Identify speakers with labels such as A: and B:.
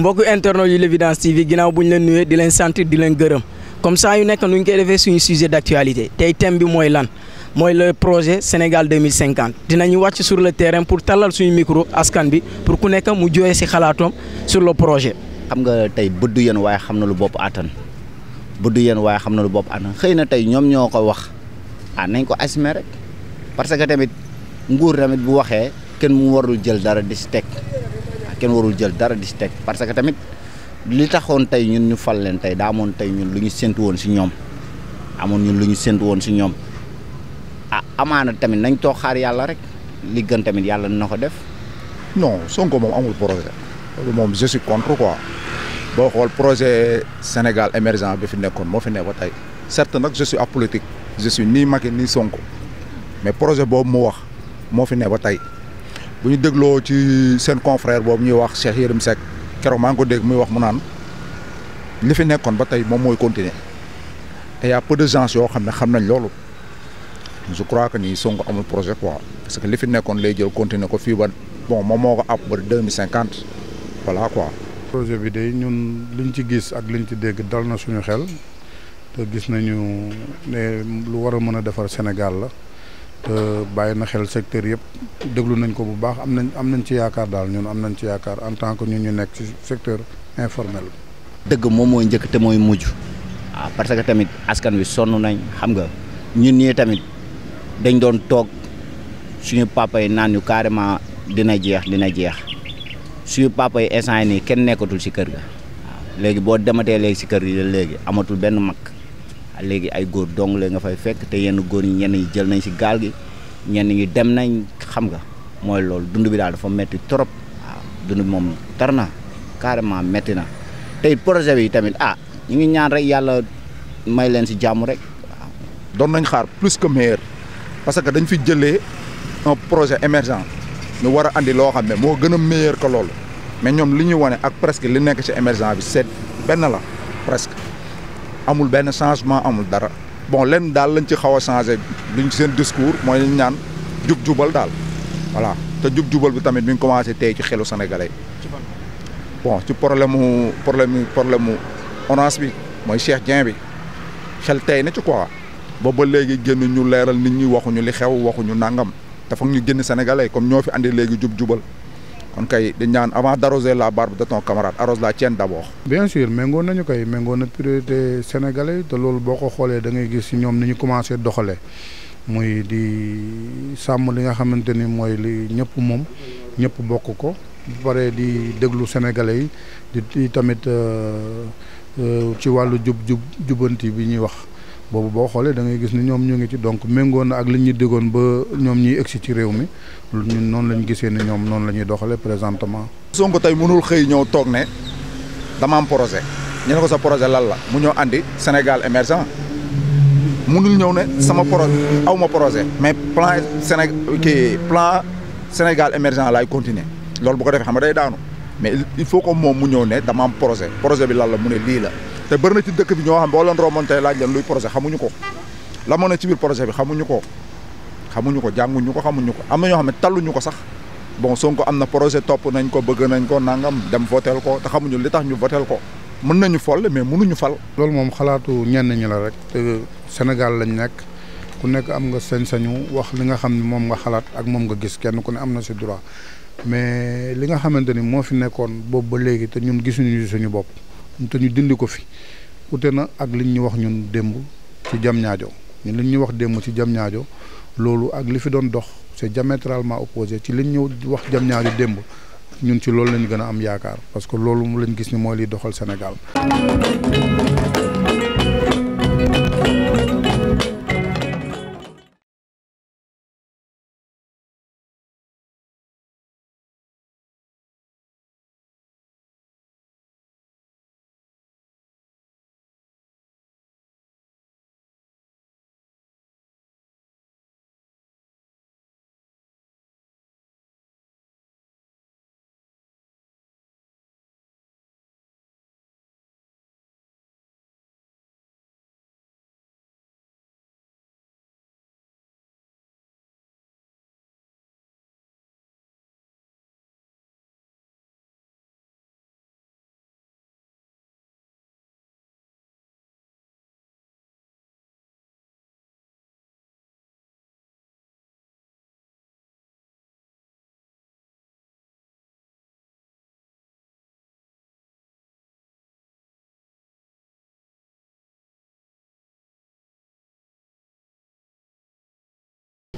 A: mbokku internautes yu l'évidence TV ginnaaw bu ñu leen nuyee di leen santir di leen gërëm comme saa yu nekk nu ñu koy defee suñu sujet d'actualité tey thème bi mooy lan mooy le projet Sénégal 2050 dinañu wàcc sur le terrain pour tallal suñu micro askan bi pour ku nekk mu jooyee si xalaatam sur le projet. xam nga tey bëddu yéen waaye xam na lu bopp attan bëddu yéen waaye xam na lu bopp attan xëy na tey ñoom ñoo ko wax ah nañ ko assumer rek parce que tamit nguur tamit bu waxee kenn mu warul jël dara di ci teg. kenn warul jël dara di teg parce que tamit li taxoon tey ñun ñu fal leen tey daa amoon tey ñun lu ñu séntu woon si ñoom amoon ñun lu ñu séntu woon si ñoom ah amaana tamit nañ toog xaar yàlla rek liggan tamit yàlla na ko def. non Sonko moom amul projet
B: loolu moom je suis contre quoi boo xool projet Sénégal émergent bi fi nekkoon moo fi nekk ba tey certes nag je suis apolitique je suis ni Sonko mais projet boobu mu wax moo fi nekk ba tey. bu ñu dégloo ci seen confrère boobu ñuy wax Cheikh Yérim Seck keroog maa ngi ko dégg muy wax mu naan li fi nekkoon ba tey moom mooy continuer et y a peu de gens yoo xam ne xam nañ loolu je crois que ni Sonko amul projet quoi parce que li fi nekkoon lay jël continuer ko fii ba bon moom moo ko ab ba deux mille cinquante
C: voilà quoi. projet bi de ñun liñ ci gis ak liñ ci dégg dal na suñu xel te gis nañu ne lu war a mën a defar Sénégal la. bàyyi na xel secteur yëpp déglu nañ ko bu baax am nañ am nañ ci yaakaar daal ñun am nañ ci yaakaar en tant que ñun ñu nekk ci secteur informel.
A: dëgg moom mooy njëkk te mooy mujj. waaw ah, parce que tamit askan wi sonn nañ xam nga ñun ñii tamit dañ doon toog suñu papa yi naan ñu carrément dina jeex dina jeex suñu papa yi instant yi nii kenn nekkatul si kër ga. waaw léegi boo dematee léegi si kër gi léegi amatul benn mag. léegi ay góor dong la nga fay fekk te yenn góor ñi ñenn ñi jël nañ si gaal gi ñenn ñi dem nañ xam nga mooy loolu dund bi daal dafa metti trop waaw dund bi moom tar na carrément metti na tey projet bi tamit ah ñu ngi ñaan rek yàlla may leen si jàmm rek doon nañ xaar plus que meilleur parce que dañ fi jëlee
B: un projet émergent ñu war a indi loo xam ne moo gën a meilleur ko loolu mais ñoom li ñuy wane ak presque li nekk si émergent bi set benn la. amul benn changement amul dara bon lenn daal lañ ci xaw a changé luñ seen discours mooy lañ ñaan jub jubal daal voilà te jub jubal bi tamit mi ngi commencé tey ci xelu sénégalais bon ci problème mu problème mu problème mu orange bi mooy Cheikh Dieng bi xel tey na ci quoi boobu ba léegi génn ñu leeral nit ñi waxuñu li xew waxuñu nangam dafa ñu génn sénégalais comme ñoo fi andi léegi jub jubal. kon kay dañ naan avant d' arroser la barbe de ton camarade arrose la tienne d' abord.
C: bien sûr méngoon nañu kay méngoon na priorité sénégalais te loolu boo ko xoolee da ngay gis si ñoom ni ñu commencé doxalee muy di sàmm li nga xamante ni mooy li ñëpp moom ñëpp bokk ko ba pare di déglu sénégalais yi di tamit euh, euh, ci wàllu jub jub jubanti bi ñuy wax. boobu boo xoolee da ngay gis ni ñoom ñu ngi ci donc méngoon na ak li ñu déggoon ba ñoom ñuy egsi ci réew mi ñun noonu la ñu gisee ni ñoom noonu la ñuy doxalee présentement.
B: Sonko tey mënul xëy ñëw toog ne dama am projet ñu ne ko sa projet lal la mu ñëw andi Sénégal émergent mënul ñëw ne sama projet aw ma projet mais plan Séné kii plan Sénégal émergent laay continuer loolu bu ko defee xam nga day daanu mais il faut que moom mu ñëw ne dama am projet projet bi lal la mu ne lii la. te bëri na ci dëkk bi ñoo xam boo leen romontee laaj leen luy projet xamuñu ko la moo ci biir projet bi xamuñu ko xamuñu ko jànguñu ko xamuñu ko am na ñoo xam ne talluñu ko sax bon Sonko am na projet topp nañ ko bëgg nañ ko nangam dem votel ko te xamuñu li tax ñu votel ko
C: mën nañu fol mais mënuñu fal. loolu moom xalaatu ñenn ñi la rek te Sénégal lañ nekk ku nekk am nga sañ-sañu wax li nga xam ne moom nga xalaat ak moom nga gis kenn ku ne am na si droit mais li nga xamante ni moo fi nekkoon boobu ba léegi te ñun gisuñu suñu bopp. te ñu dindi ko fi ute na ak liñ ñu wax ñun démb ci jam ñaajo ñun liñ ñu wax démb ci jam ñaajo loolu ak li fi doon dox c'est diamétralement opposé ci liñ ñu wax jam ñaajo démb ñun ci loolu lañ gën a am yaakaar parce que loolu lañ gis ni mooy liy doxal Sénégal